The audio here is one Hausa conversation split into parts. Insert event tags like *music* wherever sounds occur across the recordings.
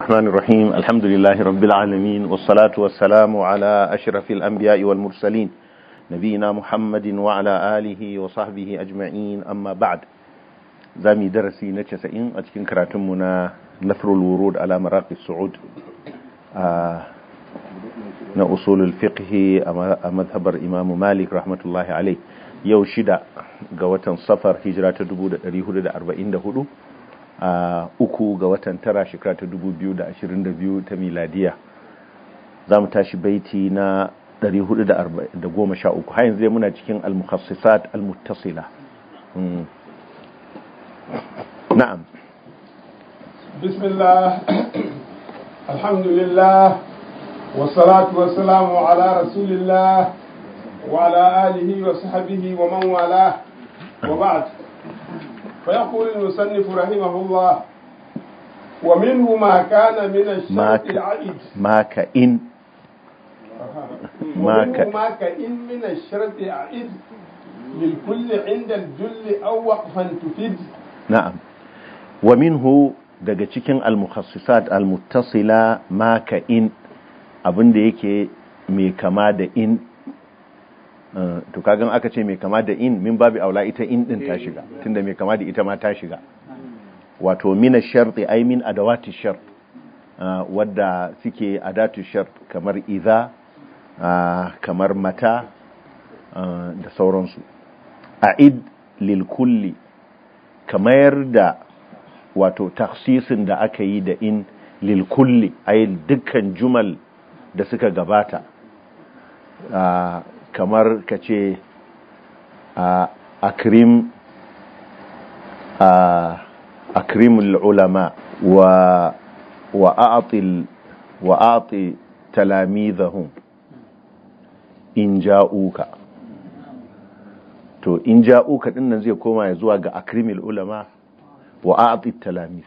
الرحمن الرحيم الحمد لله رب العالمين والصلاة والسلام على أشرف الأنبياء والمرسلين نبينا محمد وعلى آله وصحبه أجمعين أما بعد زامي درسي نتشسئين أتكين كراتمنا نثر الورود على مراقي السعود آه نأصول الفقه مذهب الإمام مالك رحمة الله عليه يوشد قوة صفر هجرات دبود ريهود أربعين دهدو Uh, uku ga watan tara shekara ta 2022 ta miladiya za mu tashi baiti na 413 har yanzu muna cikin al-mukhassisat al-muttasila hmm. na'am bismillah *coughs* alhamdulillah wasalatu wasalamu ala rasulillah wa ala alihi wa sahabihi wa man wala wa ba'd فيقول المصنف رحمه الله ومنه ما كان من الشرط العائد ما كإن ما كإن من الشرط العائد للكل عند الجل أو وقفا تفيد نعم ومنه daga cikin al-mukhassisat al-muttasila ma ka in abin da yake mai kama da in Eh, to kagan aka ce mai kama da in min babu aula ita in din ta eh. shiga tunda mai kama da ita ma ta shiga wato mina sharti ai min adawati shart eh, wadda suke adatu shart kamar iza kamar mata da sauransu a'id lil kulli kamar da wato taksisin da aka yi da in lil kulli ai dukkan jumal da suka gabata kamar ka ce a akrimul ulama wa wa a'til wa a'ti talamidahum in ja'uka to in ja'uka din nan zai koma ya zuwa ga akrimul ulama wa a'ti talamis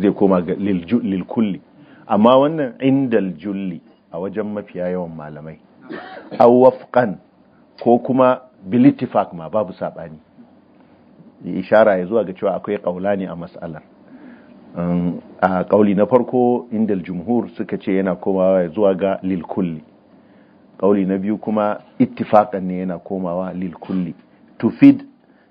zai koma ga lil kulli amma wannan indal julli a wajen mafiya yawan malamai aw wafqan ko kuma bilitifak ma babu sabani ishara ya zuwa ga cewa akwai ƙaulani a matsalar a kauli na farko inda jumhur suka ce yana komawa zuwa ga lilkulli ƙauli na biyu kuma ittifakan ne yana komawa lilkulli tufid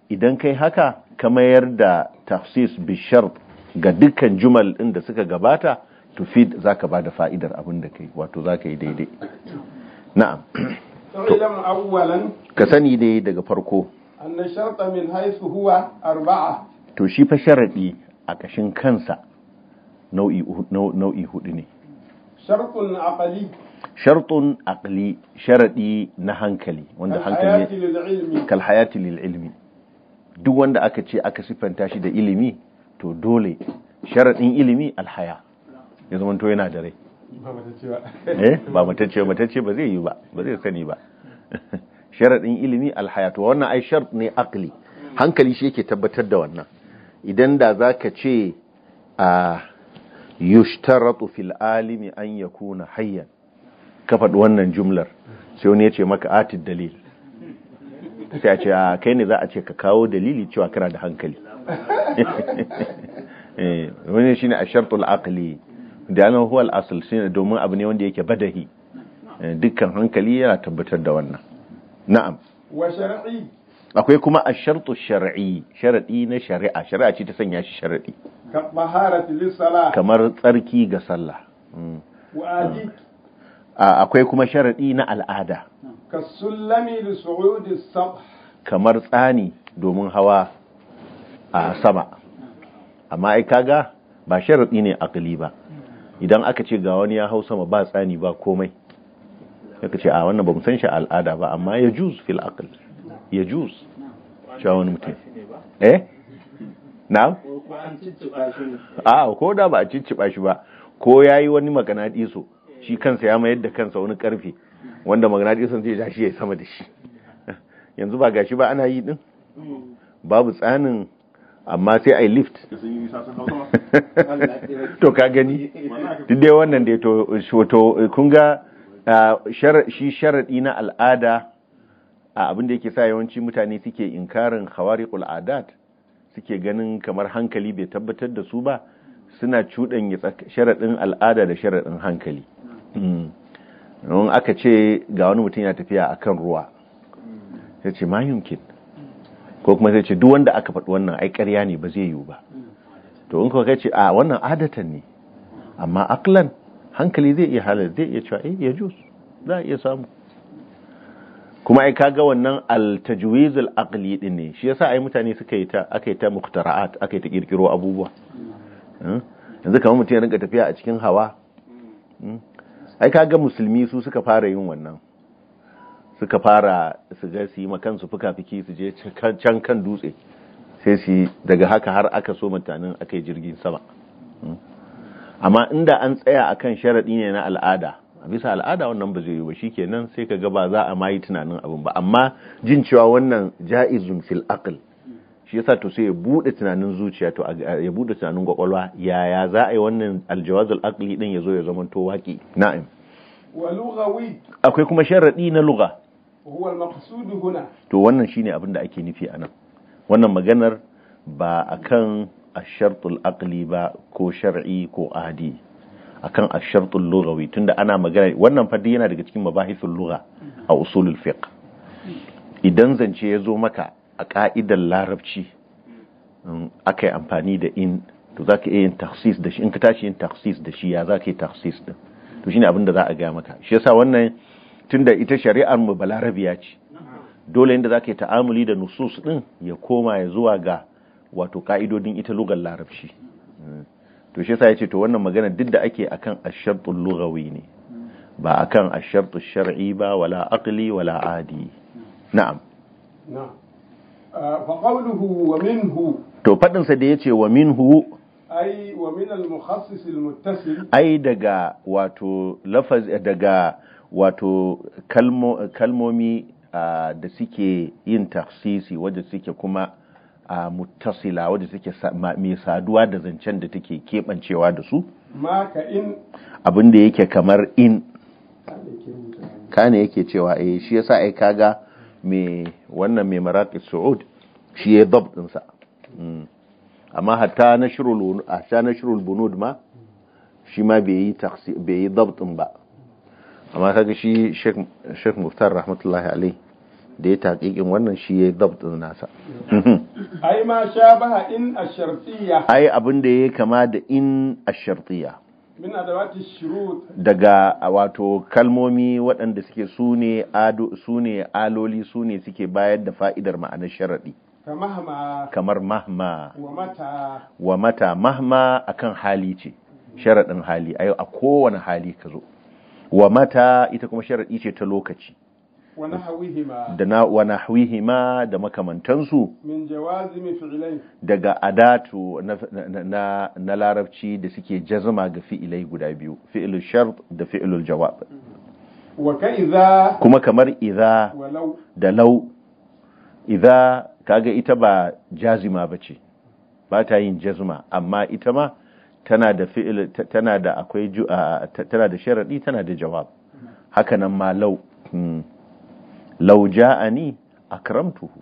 idan kai haka ka mayar da tafsis bishar ga dukkan jumal ɗin da suka gabata tufid ba da fa'idar abin da kai wato za ka yi daidai na'am ka sani dai daga farko anna sharta min haythu huwa arba'a to shi fa sharadi a kashin kansa nau'i nau'i hudu ne shartun aqli shartun aqli sharadi na hankali wanda hankali kal hayati lil ilmi duk wanda aka ce aka sifanta shi da ilimi to dole sharadin ilimi alhaya ya zama to yana da rai mutacce ba eh, matacce ba zai yi ba ba zai sani ba *laughs* sharadin ilimi alhayatu wannan ai shart ne akli hankali shi yake tabbatar da wannan idan da za ka ce a yushtaratu fil alimi an yakuna hayyan ka faɗi wannan jumlar sai wani ya ce maka ati dalil sai a ce a kai ne za a ce ka kawo dalili cewa kana da hankali *laughs* eh, wani shine a shartul aqli huwa huwal shi ne domin abu ne wanda yake badahi eh, dukkan hankali yana tabbatar da wannan na'am wa shar'i akwai kuma a shartu shar'i sharadi na shari'a shari'a ce ta sanya shi sharadi kamar tsarki ga sallah mm. mm. akwai kuma sharadi na al'ada kamar tsani domin hawa a sama amma ai kaga ba sharadi ne akali ba idan aka ce ga wani ya hau sama ba tsani ba komai aka ce a wannan ba mu san shi al'ada ba amma ya juz fil aql ya juz cewa wani mutum eh na a ko da ba a ba shi ba ko ya yi wani so shi kansa ya mayar da kansa wani karfe wanda so zai ja ya ya sama da shi *laughs* yanzu ba gashi ba ana yi din babu tsanin amma sai yi lift *laughs* to ka gani dai wannan da to shoto kun ga shi sharaɗi na al'ada a abin yake sa yawanci mutane suke inkarin hawari adat suke ganin kamar hankali bai tabbatar da su ba suna cuɗanya sharaɗin al'ada da sharaɗin hankali hmm. don aka ce ga wani mutum ya tafiya akan ruwa ya ce mayunkin ko kuma zai ce duk wanda aka faɗi wannan ai ƙarya ne ba zai yiwu ba to in kuka ce a wannan adatan ne amma aklan hankali zai iya halar zai iya cewa eh ya jus za a iya samu kuma ai kaga wannan al aqli din ne shi yasa ai mutane suka yi ta aka yi ta muqtara'at aka yi ta kirkiro abubuwa hmm? yanzu kamar mutum ya rinka tafiya a cikin hawa hmm? ai kaga musulmi su suka fara yin wannan suka fara su ga su yi makansu fuka-fiki su je can kan dutse sai su daga haka har aka so mutanen aka yi jirgin sama hmm. amma inda an tsaya a kan sharaɗi ne na al'ada a bisa al'ada wannan ba zai yi ba shi nan sai ka ga ba za a mayi tunanin abin ba amma jin cewa wannan ja'izun fil aql shi yasa to sai ya buɗe tunanin zuciya to ya buɗe tunanin kwakwalwa yaya za a yi wannan aljawazul aqli din ya zo ya zama to waki na'im wa lughawi akwai kuma sharaɗi na lugha to wannan shine abin da ake nufi anan wannan maganar ba akan ashartul aqli ba ko shar'i ko ahadi akan ashartul lughawi tunda ana magana wannan fadi yana daga cikin mabahithul lugha a usulul fiqh idan zance ya zo maka a ka'idar larabci aka yi amfani da in to za ka iya yin taksis da shi in ka tashi yin taksis da shi ya za ka yi taksis din to shine abin da za a gaya maka shi yasa wannan tunda ita shari'ar mu balarabiya ce dole inda zaka yi ta'amuli da nusus din ya koma ya zuwa ga wato ka'idodin ita lugar larabci to shi yasa yace to wannan magana duk da ake akan ash-shartul lughawi ne ba akan ash shartu shar'i ba wala aqli wala adi na'am na'am ah, fa qawluhu wa minhu to fadin sa da yace wa minhu ai wa min al-mukhassis al-muttasil ai daga wato lafaz daga wato kalmomi da suke yin taksisi wadda suke kuma a muttasila wadda suke mai saduwa da zancen da take keɓancewa da su abin da yake kamar in kane yake cewa eh shi yasa ai kaga mai wannan mai maraƙi su'ud shi ya dab ɗinsa mm. amma hatta na shirul bunud ma shi ma bai yi dab ɗin ba amma kaga shi Sheikh Muftar rahmatullahi alai da ya taƙiƙin wannan shi ya yi ɗin nasa. *laughs* Ai ma sha ba in a shartiya. Ai abin da ya kama da in a shartiya. Daga wato kalmomi waɗanda suke su ne aloli su ne suke bayar da fa'idar ma'anar sharaɗi. Kamar mahma. Wa mata. mahma akan hali ce. Sharaɗin hali. a kowane hali ka zo. wa mata ita kuma sharaɗi ce ta lokaci da na wa nahwihima da makamantansu daga adatu na, na, larabci da suke jazma ga fi'ilai guda biyu fi'ilul shart da fi'ilul jawab kuma kamar idha da lau idha kaga ita ba jazima bace ba ta yin jazma amma ita ma tana da fi'il tana da akwai tana da sharadi tana da jawab haka nan ma law hmm. law ja'ani akramtuhu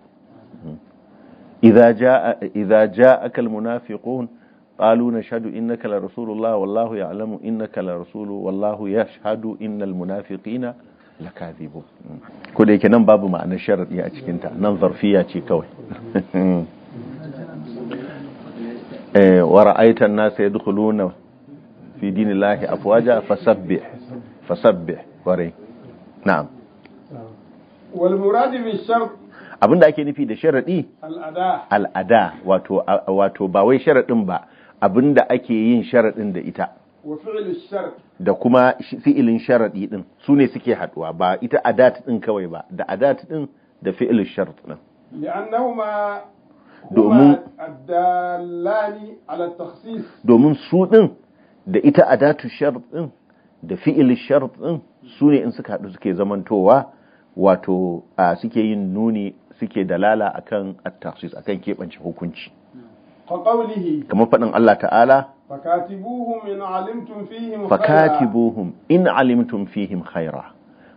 idza ja'a idza ja'aka almunafiqun qalu nashhadu innaka la rasulullah wallahu ya'lamu innaka la rasulu wallahu yashhadu innal munafiqina lakathibun hmm. ko da yake nan babu ma'anar sharadi a cikin ta nan zarfiya ce kawai *laughs* Eh, wa ra'aitan nasa yadkhuluna fi dinillahi afwaja fasabbih fasabbih warai na'am wal murad bi shart abinda ake nufi da sharadi al'ada al'ada wato wato ba wai sharadin ba abinda ake yin sharadin da ita da kuma fi'ilin sharadi din su ne suke haduwa ba ita adat din kawai ba da adat din da fi'ilin shart din domin domin su ɗin da ita adatu sharf ɗin da fi'il shart ɗin su ne in suka haɗu suke zamantowa wato suke yin nuni suke dalala akan at-takhsis akan keɓance hukunci kamar faɗin Allah ta'ala fakatibuhum in alimtum fihim khaira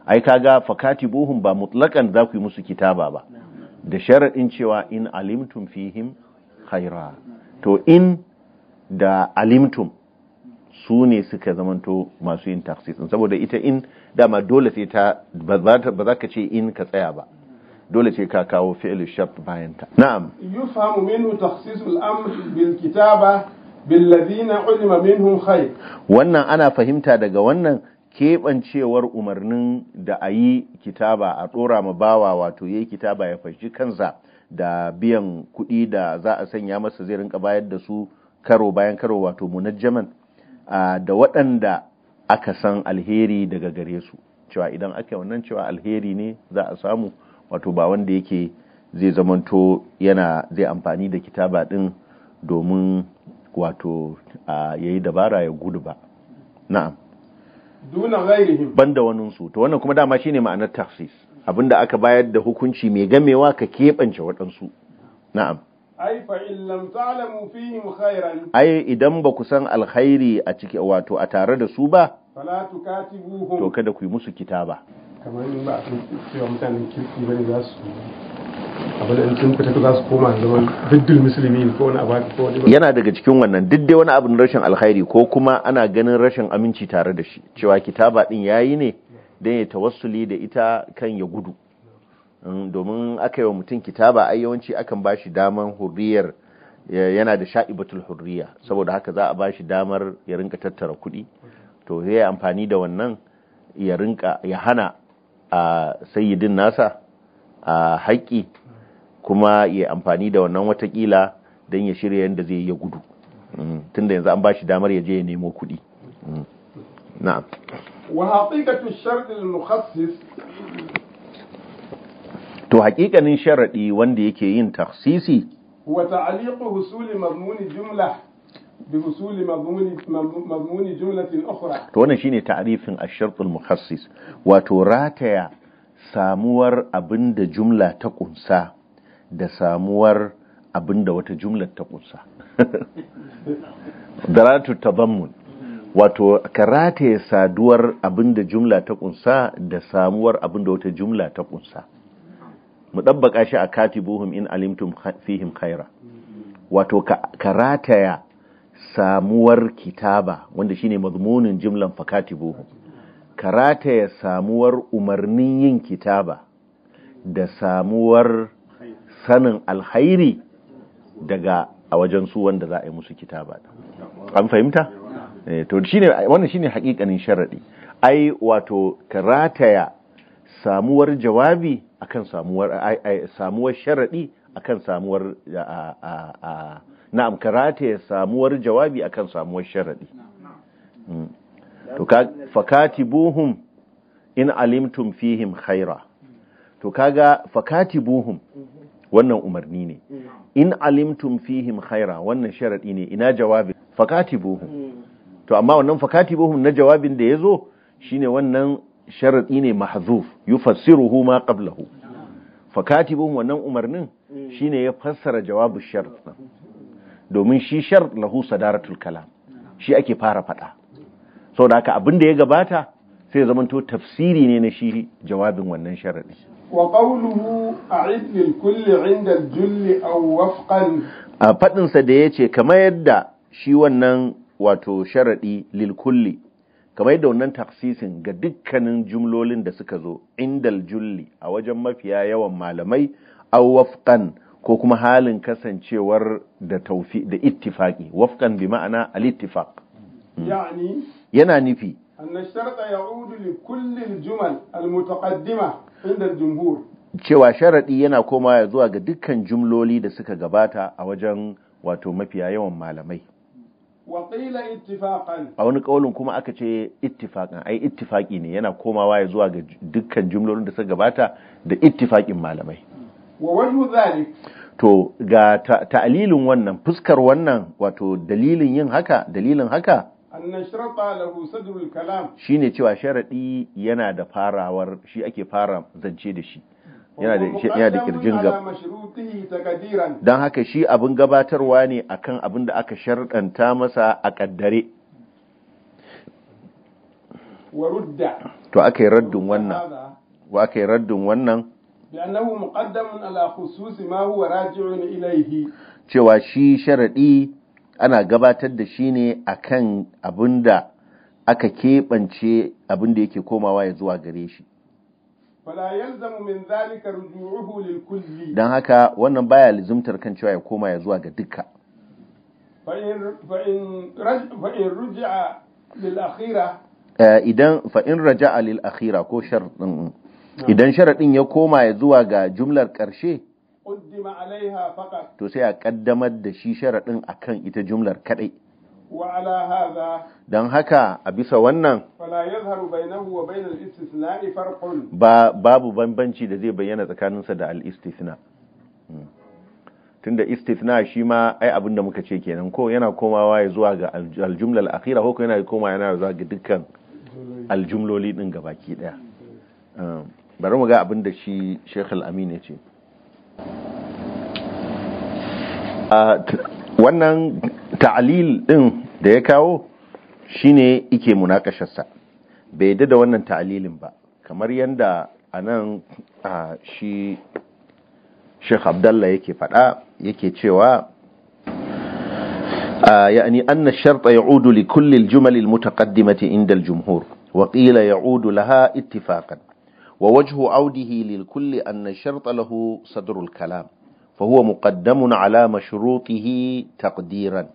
ai kaga fakatibuhum ba mutlakan za ku yi musu kitaba ba da sharaɗin cewa in alimtum fihim haira to in da alimtum su ne suka zamanto masu yin taksis saboda ita in dama dole sai ta ba za ka ce in ka tsaya ba dole sai ka kawo fi'il shart bayan ta na'am yufamu minhu takhsisul amr bil kitaba bil ladina ulima minhum khair wannan ana fahimta daga wannan keɓancewar umarnin da a yi kitaba a ɗora ma bawa wato ya yi kitaba ya fashi kansa da biyan kuɗi da za a sanya masa zai rinka bayar da su karo bayan karo wato munajjaman da waɗanda aka san alheri daga gare su cewa idan aka wannan cewa alheri ne za a samu wato ba wanda yake zai zamanto yana zai amfani da kitaba ɗin domin wato ya yi dabara ya gudu ba na'am duna banda wanin su to wannan kuma dama shine ma'anar Abin abinda aka bayar da hukunci mai gamewa ka keɓance waɗansu na'am ai fa ta'lamu fihim khairan ai idan ba ku san alkhairi a ciki wato a tare da su ba to kada ku yi musu kitaba kamar in ba a cewa mutanen kirki bane za su yana daga cikin wannan duk wani abin rashin alkhairi ko kuma ana ganin rashin aminci tare da shi cewa kitaba din yayi ne dan ya tawassuli da ita kan ya gudu mm, domin aka yi wa mutum kitaba a yawanci akan ba shi daman hurriyar yana da sha'ibatul hurriya saboda haka za a ba shi damar ya rinka tattara kuɗi to zai amfani da wannan ya rinka ya hana a sayyidin nasa a haƙƙi kuma ya amfani da wannan watakila don ya shirya yadda zai ya gudu mm. tun da yanzu an ba shi damar ya je ya nemo kuɗi mm. na'am wa haqiqatu shart al-mukhassis to haƙiƙanin sharaɗi wanda yake yin taksisi wa ta'liqu husuli mazmuni jumla bi husuli mazmuni jumlatin ukhra to wannan shine ta'rifin ash-shart al-mukhassis wato rataya samuwar abinda jumla ta kunsa da samuwar abin wata jumlar ta kunsa *laughs* daratu tadammun wato ka ya saduwar abin jumla ta kunsa da samuwar abin wata jumla ta kunsa mu ɗabbaka shi a kati katibuhum in alimtum fihim khaira wato ka rataya samuwar kitaba wanda shine mazmunin jumlan buhun. ka rataya samuwar umarnin yin kitaba da samuwar sanin alhairi daga a wajen su wanda za a yi musu kitaba an fahimta eh, to shine wannan shine hakikanin sharadi ai wato karataya samuwar jawabi akan samuwar samuwar sharadi akan samuwar na'am karataya samuwar jawabi akan samuwar sharadi hmm. to fakatibuhum in alimtum fihim khaira to kaga fakatibuhum wannan umarni ne mm. in alimtum fihim khaira wannan sharadi ne ina jawabin fakatibuhum mm. to amma wannan fakatibuhum na jawabin da yazo shine wannan sharadi ne mahzuf yufassiruhu ma qablahu fakatibuhum wannan umarnin mm. shine ya fassara jawabu shart domin shi shart lahu sadaratul kalam shi ake fara fada saboda haka abin da ya gabata sai zamanto tafsiri ne na shi jawabin wannan sharadi وقوله أعد للكل عند الجل da وفقا فدن سديتي كما يدى شي wannan wato sharadi lil kulli kamar yadda wannan taksisin ga dukkanin jumlolin da suka zo indal julli a wajen mafiya yawan malamai aw wafqan ko kuma halin kasancewar da taufi da ittifaqi wafqan bi ma'ana al ittifaq hmm. yana nufi أن kulli يعود لكل al المتقدمة cewa sharaɗi yana koma zuwa ga dukkan jumloli da suka gabata a wajen wato mafiya yawan malamai a wani ƙaunin kuma aka ce ittifaƙan ai ittifaƙi ne yana komawa ya zuwa ga dukkan jumlolin da suka gabata da ittifaƙin malamai to ga ta'alilin wannan fuskar wannan wato dalilin yin haka dalilin haka shi ne cewa sharaɗi yana da farawar shi ake fara zance da shi yana da kirjin gab don haka shi abin gabatarwa ne akan abin da aka sharɗanta masa a ƙaddare to aka yi raddin wannan wa aka yi raddin wannan cewa shi sharaɗi ana gabatar da shi ne akan abin da aka keɓance abin da yake komawa ya zuwa gare shi don haka wannan baya lizumtar kan cewa ya koma ya zuwa ga dukka fa'in eh, raja'a lil’akhira akhira ko sharaɗin idan sharaɗin ya koma ya zuwa ga jumlar ƙarshe to sai a ƙaddamar da shi sharaɗin akan ita jumlar kaɗai don haka a bisa wannan ba babu bambanci da zai bayyana tsakaninsa da al-istisna hmm. tunda istisna shi ma ai abin da muka ce kenan ko yana komawa ya zuwa ga aljumlar akhira ko yana koma yana zuwa ga dukkan aljumloli din gabaki ɗaya hmm. bari mu ga abin da shi Sheikh aminu ya ce wannan ta'alil din da ya kawo shine ike munakasharsa bai yadda da wannan ta'alilin ba kamar yadda a nan shi sheikh abdalla yake faɗa yake cewa يعني أن الشرط يعود لكل الجمل المتقدمة عند الجمهور وقيل يعود لها اتفاقا wa wajhu audihi lil kulli anna sharta lahu sadrul kalam fa huwa muqaddamun ala mashrutihi taqdiran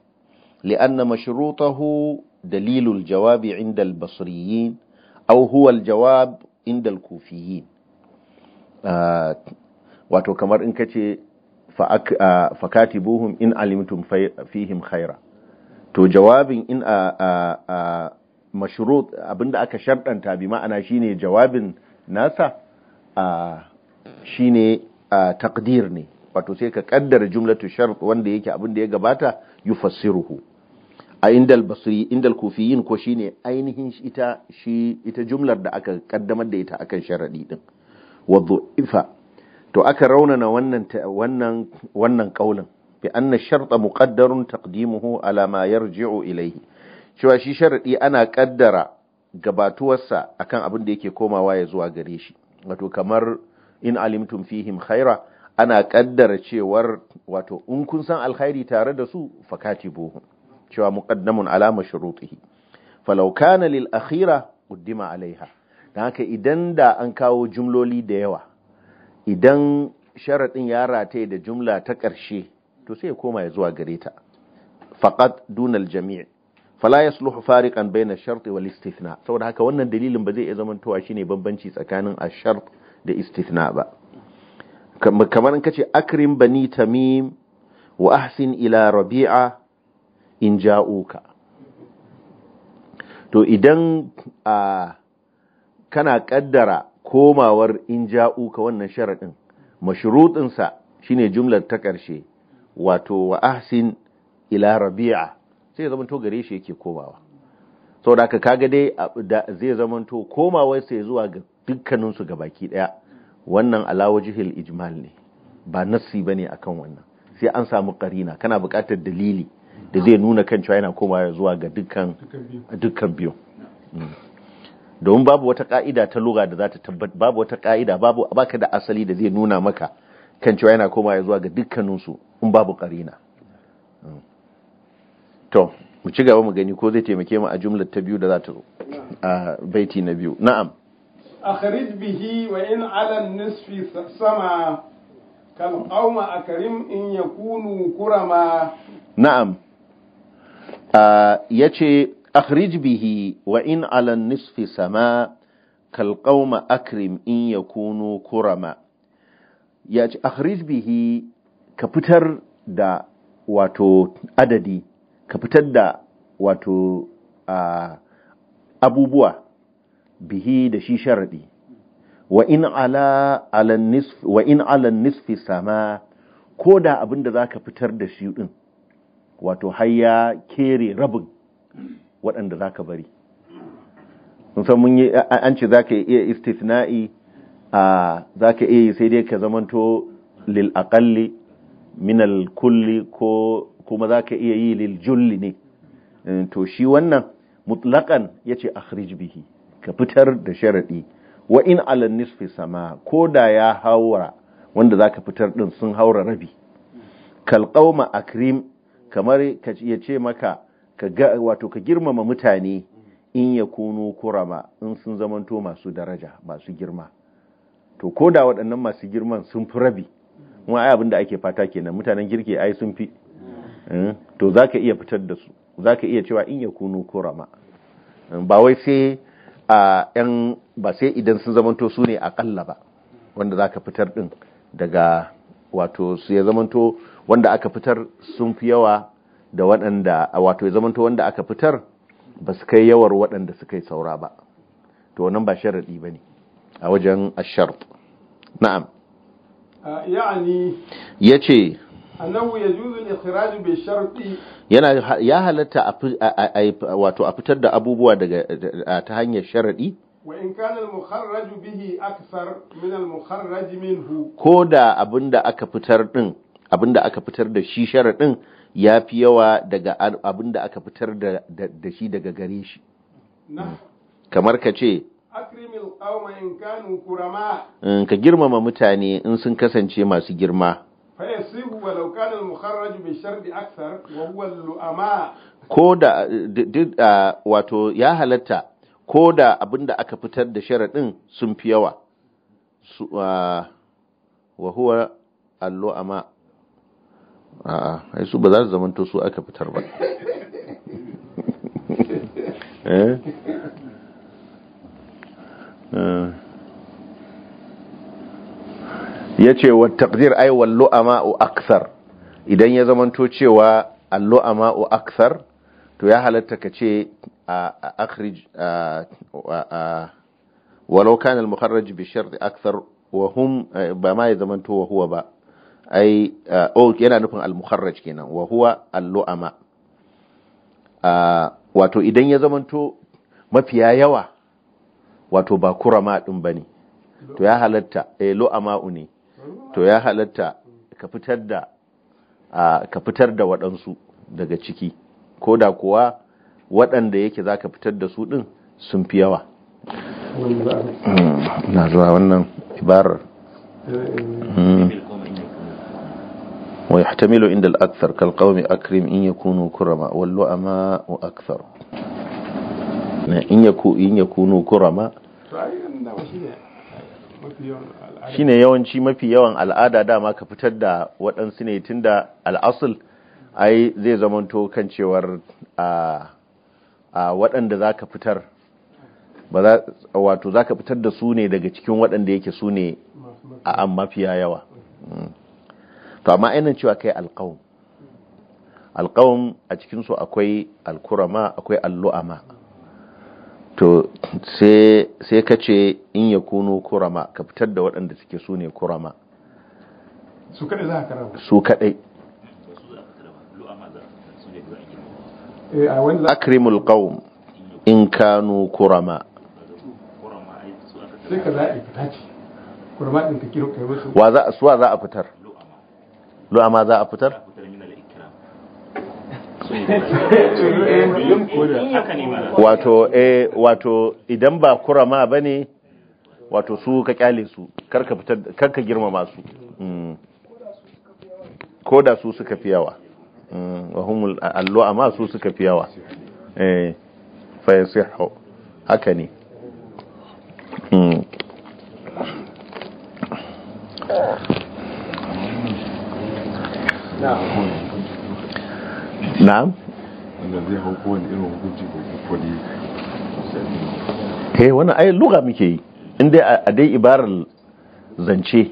li'anna mashrutahu dalilul jawabi 'inda al-basriyin aw huwa 'inda kufiyin ah, wato kamar in kace fakatibuhum ah, in alimtum fihim khaira to jawabin in ah, mashrut abinda aka sharɗanta bi ma'ana shine jawabin nasa shine takdir ne wato sai ka kaddara jumlatu shart wanda yake abin da ya gabata yufassiruhu a indal basri indal kufiyin ko shine ainihin ita shi ita jumlar da aka kaddamar da ita akan sharadi din ifa. to aka raunana wannan wannan wannan kaulin bi anna sharta muqaddarun taqdimuhu ala ma yarji'u ilayhi cewa shi sharadi ana kaddara gabatuwarsa akan abin da yake komawa ya zuwa gare shi wato kamar in alimtum fihim khaira ana kaddara cewar wato in kun san alkhairi tare da su fakatibuhu cewa muqaddamun ala mashrutihi falau kana lil akhira quddima alaiha dan haka idan da an kawo jumloli da yawa idan sharadin ya rataye da jumla ta ƙarshe to sai ya koma ya zuwa gare ta faqat dunal jami' fala sulhu fariqan bayna ash-shart wal istithna saboda haka wannan dalilin ba zai iya towa shine bambanci tsakanin a shart da istithna ba kamar kace akrim bani tamim wa ahsin ila rabi'a in ja'uka to idan a kana kaddara komawar in ja'uka wannan sharadin mashrutin sa shine jumlar ta ƙarshe, wato wa ahsin ila rabi'a sai ya zamanto gare shi yake komawa da haka kaga dai zai zamanto komawar sai zuwa ga dukkanin su baki daya wannan alawajihil ijmal ne ba nassi bane akan wannan sai an samu karina kana bukatar dalili da zai nuna kan cewa yana komawa zuwa ga dukkan biyu hmm. domin babu wata ka'ida ta lura da za ta tabbata babu wata ka'ida babu baka da asali da zai nuna maka kan cewa yana komawa zuwa ga dukkaninsu in babu karina hmm. to mu ci gaba mu gani ko zai taimake mu a jumlar ta biyu da za ta zo a baiti na biyu na'am akhrij bihi wa in ala nisfi sama kal qauma akrim in yakunu kurama na'am A yace akhrij bihi wa in ala nisfi sama kal qauma akrim in yakunu kurama yace akhrij bihi ka fitar da wato adadi ka fitar da wato abubuwa bihi da shi sharaɗi wa in ala nisfi sama ko da abin da za ka fitar da shi ɗin wato hayya kere rabin waɗanda za ka bari san mun yi an ce za ka iya istithna'i a za ka iya sai dai ka zamanto lil aƙalli minal kulli ko kuma za ka iya yi liljulli ne eh, to shi wannan mutlaƙan ya ce a bihi ka fitar da sharaɗi wa in ala nisfi sama ko da ya haura wanda za ka fitar ɗin sun haura rabi kalƙauma akrim kamar ka ya ce maka wato ka girmama mutane in ya kuno kurama in sun zamanto masu daraja masu girma to ko da waɗannan masu girman sun fi rabi wani ai abin da ake fata kenan mutanen girki ai sun fi Eh? to za ka iya fitar da su za ka iya cewa in ya kunu kurama eh, ba wai sai a yan ba sai idan sun zamanto su ne akalla ba wanda za ka fitar din daga wato su ya zamanto wanda aka fitar sun fi yawa da waɗanda wato ya zamanto wanda aka fitar ba su kai yawar waɗanda su kai saura ba to wannan ba sharaɗi ba ne a wajen ashart na'am ya ce yana ya halatta a wato a fitar da abubuwa daga ta hanyar sharaɗi. ko da abin aka fitar aka fitar da shi sharaɗin ya fi yawa daga abin da aka fitar da shi daga gare shi kamar ka ce ka girmama mutane in sun kasance masu girma fayasibu mukharraju aksar wa wato ya halatta ko da abinda aka fitar da sharadin sun fi yawa wa huwa su ba za su su aka fitar ba ya ce wa taqdir ai wallo ma'u aksar idan ya zamanto cewa allo ma'u aksar to ya halatta ka ce a akhrij walau kan al-mukharraj bi shart aksar wa hum ba ma ya zamanto wa huwa ba ai o yana nufin al-mukharraj kenan wa huwa allo ama wato idan ya zamanto mafiya yawa wato ba kurama din bane to ya halatta eh ma'u ne to ya halatta ka fitar da a ka fitar da waɗansu daga ciki ko da kuwa waɗanda yake za ka fitar da su ɗin sun fi yawa hmm, na zuwa wannan ibarar hmm. wa milo inda al-akthar kal qawmi akrim in yakunu kurama wal lu'ama wa akthar na in yaku in kura ma? shine yawanci mafi yawan al'ada dama ka fitar da waɗansu ne tunda al'asul ai zai zamanto kan cewar a waɗanda za ka fitar wato za ka fitar da su ne daga cikin waɗanda yake su ne a an mafiya yawa mm. to amma ainihin cewa kai alƙawun alƙawun a cikinsu akwai alƙurama, akwai allu'ama to sai ka ce in ya kuno kurama ka fitar da waɗanda suke su ne kurama su kaɗai za ka raba su kaɗai eh, akrimul qawm in kanu kurama sai ka za a fita ce kurama ɗin ka kiro kai wasu wa za a fitar lu'ama za a fitar wato eh wato idan ba kurama bane wato su ka kyale su karka fitar karka girmama su mm. ko da su suka fi yawa mm. wa humul allu'a ma su suka fi yawa eh fa yasihu haka ne na'am wani zai hau eh, ai muke yi in dai a dai ibarar zance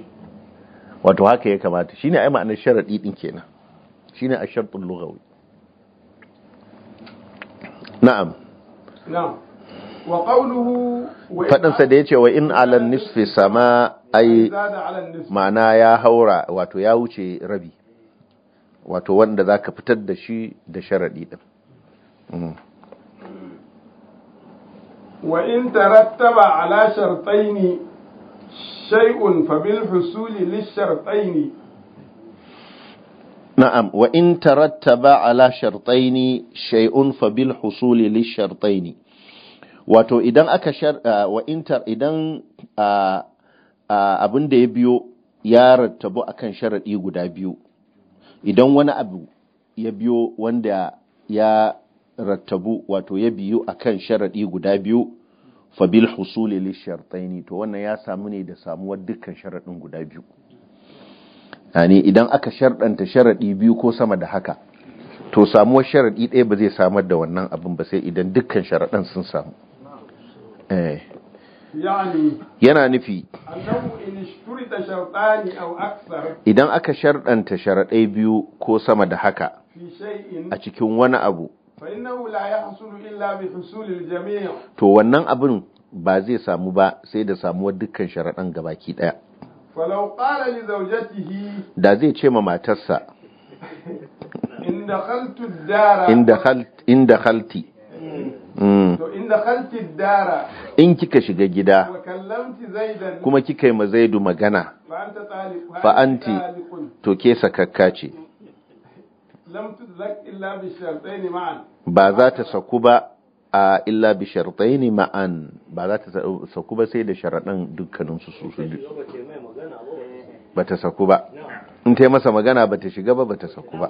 wato haka ya kamata shine ai ma'anar sharaɗi ɗin kenan shine a sharɗin lughawi na'am na'am da ya ce wa in alan nisfi sama ai ma'ana ya haura wato ya wuce rabi wato wanda za ka fitar da shi da sharaɗi ɗin mm. wa in tarattaba ala shartaini shay'un fa bil husuli lishartaini na'am wa in tarattaba ala shartaini shay'un fa bil husuli lishartaini wato idan aka shar wa idan abin da ya biyo ya rattabu akan sharaɗi guda biyu idan wani abu ya biyo wanda ya rattabu wato ya biyu kan sharaɗi guda biyu fabil husuli lishartaini to wannan ya samu ne da samuwar dukkan sharaɗin guda biyu yani idan aka sharɗanta sharaɗi biyu ko sama da haka to samuwar sharaɗi ɗaya ba zai samar da wannan abin ba sai idan dukkan sharaɗin sun samu eh. yana nufi idan aka sharɗanta sharaɗai biyu ko sama da haka a cikin wani abu to wannan abin ba zai samu ba sai da samuwar dukkan sharaɗan gabaki ɗaya da zai ce ma matarsa *laughs* in halti Mm. in kika shiga gida kuma kika yi mazaidu magana fa'anti to ke sakakka ce ba za ta saku ba a illa bishar shartaini ma'an ba za ta saku ba sai da sharaɗin dukkaninsu su su ba ta saku ba in ta yi masa magana ba ta shiga ba ba ta saku ba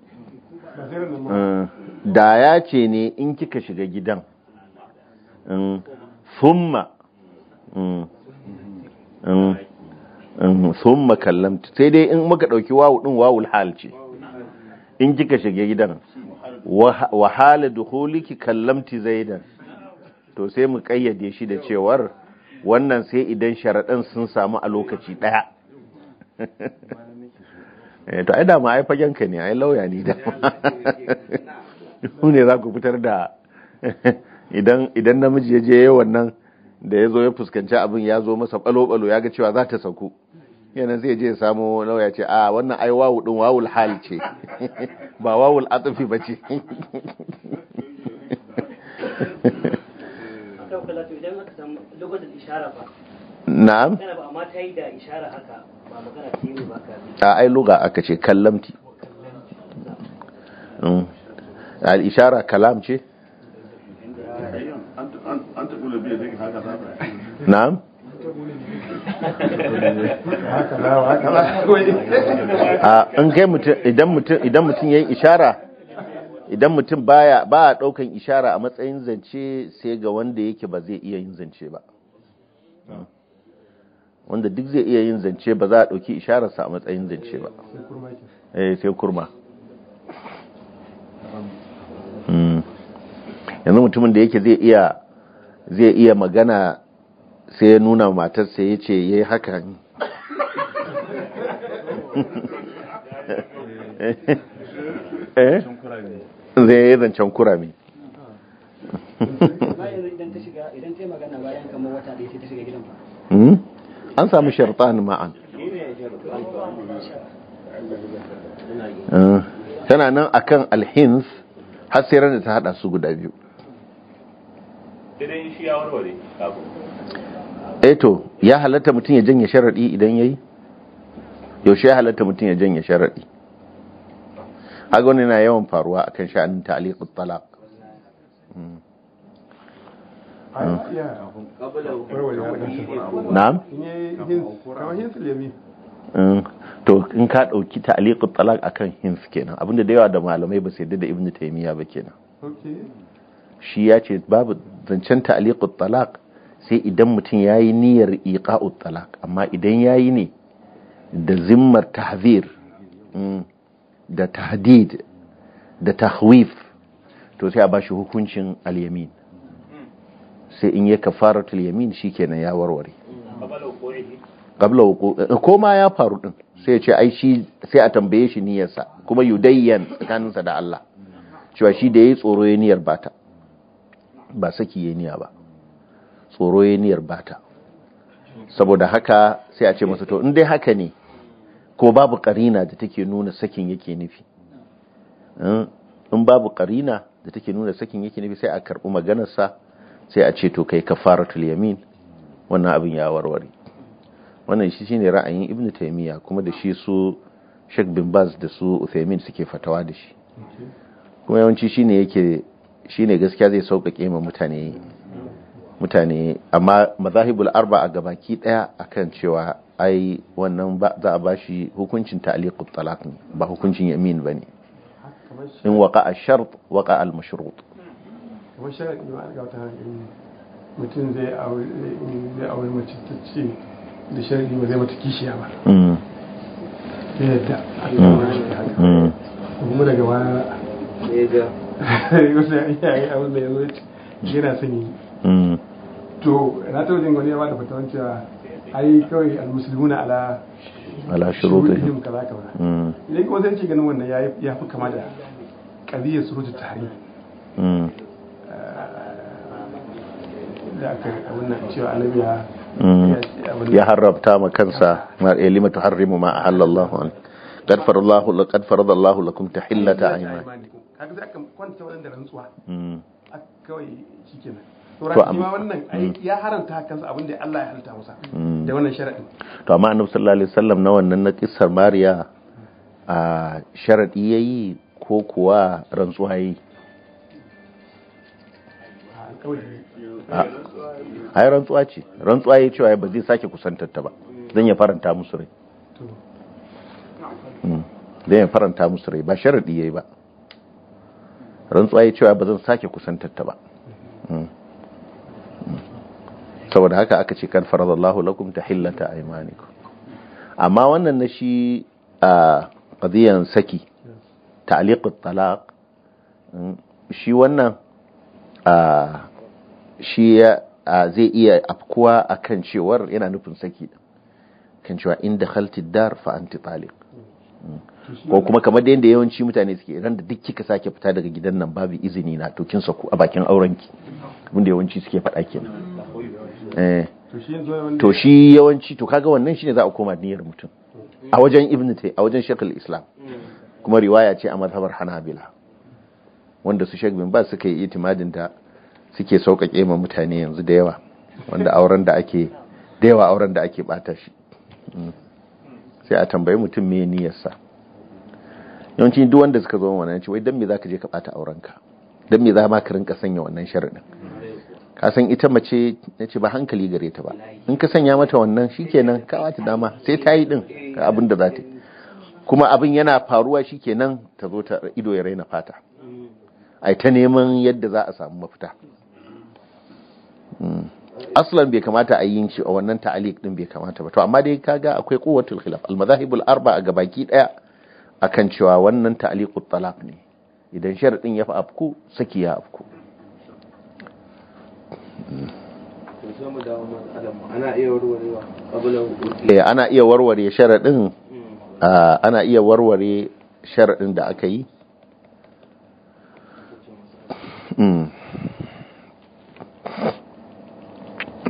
Eh, da ya ce ne in kika shiga gidan summa mm, summa mm, mm, kallamta sai dai in muka ɗauki wawu ɗin wawu hal ce in kika shiga gidan wahala duhuliki kallamti zaidan to sai mu ƙayyade shi da cewar wannan sai idan sharaɗin sun samu a lokaci ɗaya *laughs* Eh, to ai da ma ai fagen ka ne ai lauya ne da ne za ku fitar da *laughs* idan idan namiji ya je wannan da ya zo ya fuskanci abin ya zo masa balo-balo ya ga cewa za ta sauku yanan zai je ya samu lauya ce a ah, wannan ai wawu din wawul hal ce *laughs* ba wawul atsufi ba ce na'am ba amma ta yi da ishara haka a ai luga aka ce kallamti hmm. al'ishara kalam ce na'am idan mutum ya yi ishara idan mutum ba a ɗaukan ishara a matsayin zance sai ga wanda yake ba zai iya yin zance ba hmm. wanda duk zai iya yin zance ba za a ɗauki ishararsa a matsayin zance ba eh sai kurma hmm. yanzu mutumin da yake zai iya zai iya magana sai ya nuna matarsa ya ce ya yi haka *laughs* eh? zai yi zancen kurami idan ta shiga idan ta magana bayan kamar wata da ya ta shiga gidan ba hmm? an samu shirtan ma'an eh, tana nan akan alhins har sai da ta hada su guda biyu eto eh ya halatta mutum ya janye sharaɗi idan ya yi yaushe ya halatta mutum ya janye sharaɗi. haga na yawan faruwa akan sha'anin ta'alikun talak hmm. Hmm. na'am hmm. to in ka ɗauki ta'aliqut talaq akan hins kenan abinda da yawa da malamai ba sai da ibnu taimiyya ba kenan shi ya ce babu zancen ta'aliqut talaq sai idan mutum yayi niyyar iqa'ut talaq amma idan yayi ne da zimmar tahzir hmm, da tahdid da tahwif to sai a bashi hukuncin al-yamin sai in yi kafaratul yamin shikenan ya warware qabla eh, ko ma ya faru din sai ya ce ai shi sai a tambaye shi niyyarsa kuma yudayyan tsakaninsa da Allah cewa shi da yayi tsoro ya niyyar bata ba saki ya niyya ba tsoro ya niyyar bata saboda haka sai a ce masa to in dai haka ne ko babu karina da take nuna sakin yake nufi eh, in babu ƙarina da take nuna sakin yake nufi sai a karɓi maganarsa sai a ce to kai kafaratul yamin wannan abin ya warware wannan shi shine ra'ayin ibn taimiyya kuma da shi su Sheikh bin Baz da su Uthaymin suke fatawa da shi kuma yawanci shine yake shine gaskiya zai sauƙaƙe ma mutane mutane amma mazahibul arba a gabaki daya akan cewa ai wannan za a bashi hukuncin ta'liqut talaq ne ba hukuncin yamin ne in waqa'a shart waqa'a al-mashrut kamar sharaɗi ma alga wata hankali mutum zai aure mace ta ce da sharaɗi ba zai mata kishiya ba mm. ta yadda a yi mm. mm. kuma daga baya *laughs* ya yi abin da ya zo yana son yi to na ta wajen wani ya bada fatawan cewa ai kawai almusulmuna ala ala shurutihim kaza kaza idan kuma sai ce ganin wannan ya fi kama da qadiyya surutut tahrim da aka abin nan cewa annabi ya mm. ya harrabta ma kansa ma lima tuharrimu ma ahallallahu an qad farallahu laqad faradallahu lakum tahillata aymanikum kaga zaka kwanta wannan da rantsuwa mm. a kai shikenan to amma wannan mm. ya haranta kansa abin da Allah ya halitta masa da wannan sharadi to amma annabi sallallahu alaihi wasallam na wannan na kissar mariya a sharadi yayi ko kuwa rantsuwa yayi ai rantsuwa ce rantsuwa ya cewa ba zai sake kusantar ta ba zan ya faranta musu rai zan mm. ya faranta musu rai ba sharadi yayi ba rantsuwa ya cewa ba zan sake kusantar ta ba mm-hmm. mm. Mm. saboda haka aka ce kan faradallahu lakum tahillata aymanikum amma wannan na shi a qadiyan saki ta'liq at-talaq shi wannan a shi ya zai iya afkuwa a kan cewar yana nufin saki kan cewa inda khaltid dar fa anti mm. ko kuma kamar da yadda yawanci mutane suke idan da duk kika sake fita daga gidan nan babu izini na to kin saku a bakin auren ki yawanci suke faɗa kenan eh to shi yawanci to kaga wannan shine za a koma niyyar mutum a wajen ibn tay a wajen shekul islam kuma riwaya ce a mazhabar hanabila wanda su shek bin ba suka yi itimadin da suke sauƙaƙe ma mutane yanzu da yawa wanda auren da ake da yawa auren da ake bata shi mm. sai a tambayi mutum me niyyarsa yawanci duk wanda suka zo wannan ce wai dan me zaka je ka bata aurenka dan me za ma ka rinka sanya wannan sharadin ka san ita mace nace ba hankali gare ta ba in ka sanya mata wannan shikenan ka wata dama sai ta yi din ga abin da za ta kuma abin yana faruwa shikenan ta zo ta ido ya raina fata ai ta neman yadda za a samu mafita aslan bai kamata a yin shi a wannan ta'aliq din bai kamata ba to amma dai kaga akwai quwwatul khilaf al madahibul arba'a ga baki daya akan cewa wannan ta'aliqut talaq ne idan sharadin ya fa afku saki ya afku eh, ana iya warware sharadin hmm. ana iya warware sharadin da aka yi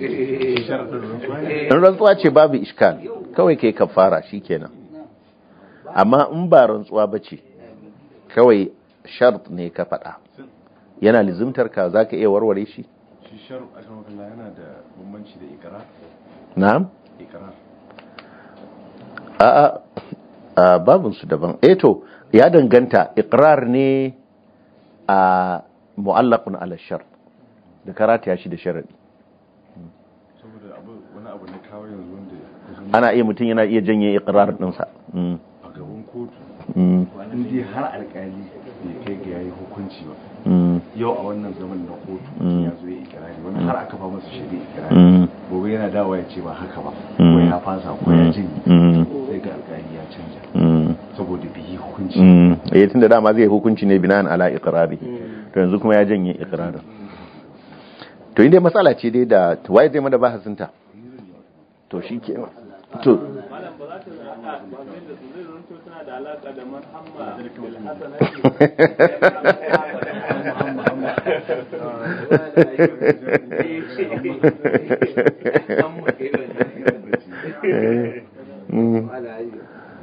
in rantsuwa ce babu iskal kawai kai kafara kenan. amma in ba rantsuwa ba ce, kawai shart ne ka faɗa yana lizimtar ka iya warware shi na'am a'a a su daban eto eh ya danganta ikrar ne a mu'allakun ala shar da karata ya shi da sharadi ana iya mutum yana iya janye ikirar ɗinsa hmm. a gaban kotu hmm. in har alkali ya kai ga yayi hukunci ba hmm. yau a wannan zaman na kotu ya zo ya ikirari wani har aka ba masa shaidu ikirari gobe yana dawa ya ce ba haka ba ko ya fasa ko ya janye sai ga alkali ya canja saboda bi yi hukunci ya eh, tunda dama zai hukunci ne binan ala ikirari to yanzu kuma ya janye ikirarin. to inda matsala ce dai da waye zai mana bahasinta to shi ke to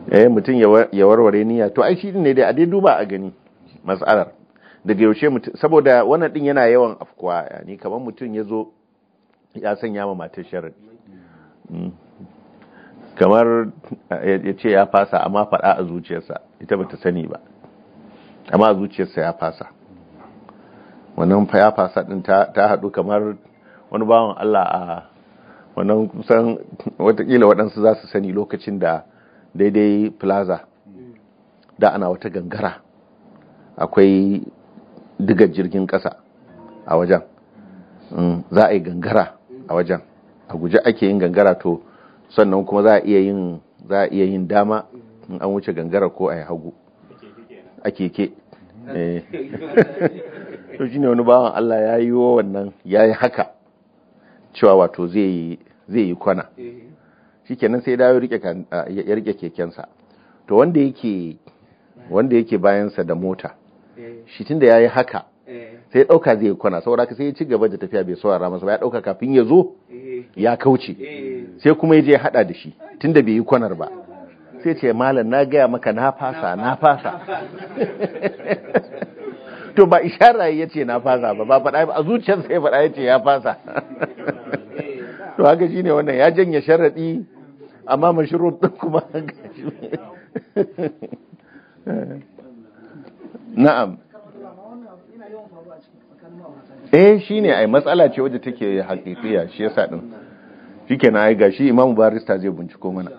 eh mutum ya warware niyya to ai shi ne dai a dai duba a gani matsalar daga yaushe mutum saboda wannan din yana yawan afkuwa ni kamar mutum ya zo ya sanya ma matar sharadi kamar ya ce ya fasa amma faɗa a zuciyarsa ita ba ta sani ba amma a zuciyarsa ya fasa wannan ya fasa ɗin ta haɗu kamar wani bawan Allah a wannan kusan watakila waɗansu za su sani lokacin da daidai plaza da ana wata gangara akwai diga jirgin ƙasa a wajen mm, za a yi gangara a wajen a guji ake yin gangara to sannan kuma za a iya yin dama in an wuce gangara ko a yi hagu a keke eh. to shi ne wani bawan Allah ya yi wa wannan ya yi haka cewa wato zai yi kwana shikenan sai dawo ya rike kekensa to wanda yake bayansa da mota shi tun da ya yi haka eh. sai ya ɗauka zai kwana saboda ka sai ya ci gaba da tafiya bai saurara masa ba ya ɗauka kafin ya zo eh. Eh. ya kauce eh. sai kuma ya je hada da shi tunda bai yi kwanar ba sai ce malam na gaya maka na fasa na fasa *laughs* to ba ishara ya ce na fasa ba ba faɗa a zuciyar sai faɗa ya ce ya fasa *laughs* to haka ne wannan ya janye sharaɗi amma mashurub ɗin kuma haka *laughs* na'am eh shine ai matsala ce wadda take haƙiƙiya shi yasa din na aiga gashi imamu barista zai binciko mana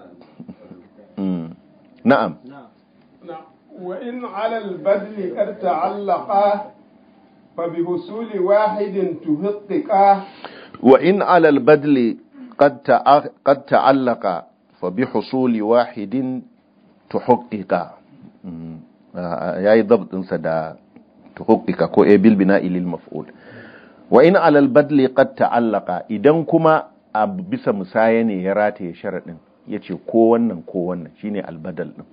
mm. na'am wa in ala al-badl qad fa bi husuli wahidin tuhaqqiqa wa in ala al-badl qad qad fa bi husuli wahidin tuhaqqiqa mm. ah, ah, yayi dabdin sa da tuhaqqiqa ko e bil bina'i lil maf'ul wa in alal badli qad ta'allaqa idan kuma a bisa musaya ne ya ya sharadin yace ko wannan ko wannan shine albadal din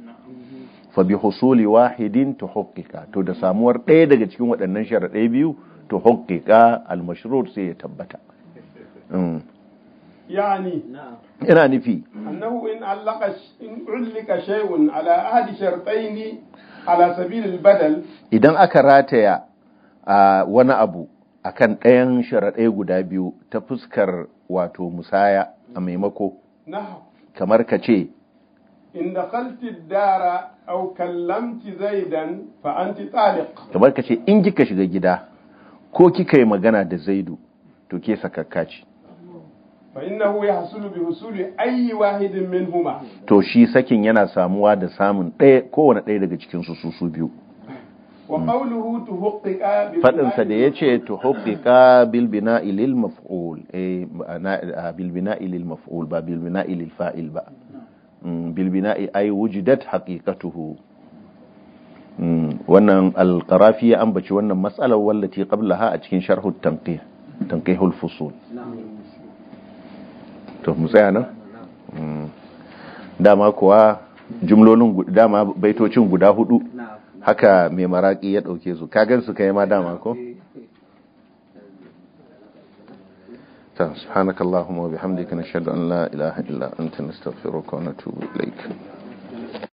fa bi husuli wahidin tuhaqqiqa to da samuwar ɗaya daga cikin waɗannan sharadai biyu hukika al-mashrur sai ya tabbata mm. yani ina nufi annahu in allaka in ullika shay'un ala ahadi shartaini ala sabil badal idan aka rataya wani abu a kan ɗayan sharaɗai guda biyu ta fuskar wato musaya a maimako kamar ka ce in dakhalti dara au kallamti zaidan fa anti taliq kamar ka ce in kika shiga gida ko kika yi magana da zaidu to ke sakakka ce fa innahu yahsulu bi husuli ayyi wahidin minhuma to shi sakin yana samuwa da samun ɗaya kowane ɗaya daga cikin su su biyu Hmm. faɗinsa da ya ce tuhuƙiƙa bilbina ilil maf'ul eh, bilbina ilil maf'ul ba bilbina ilil fa'il ba hmm, bilbina ai wujidat haƙiƙatuhu hmm, wannan alƙarafi ya ambaci wannan matsalar wallati qablaha a cikin sharhu tanqih tanqihul fusul to mu tsaya nan dama kuwa jumlolin dama baitocin guda hudu haka mai maraƙi ya ɗauke su ka gan su kai ma dama ko ta subhanakallahumma wa bihamdika nashhadu an la ilaha illa anta nastaghfiruka wa natubu ilaik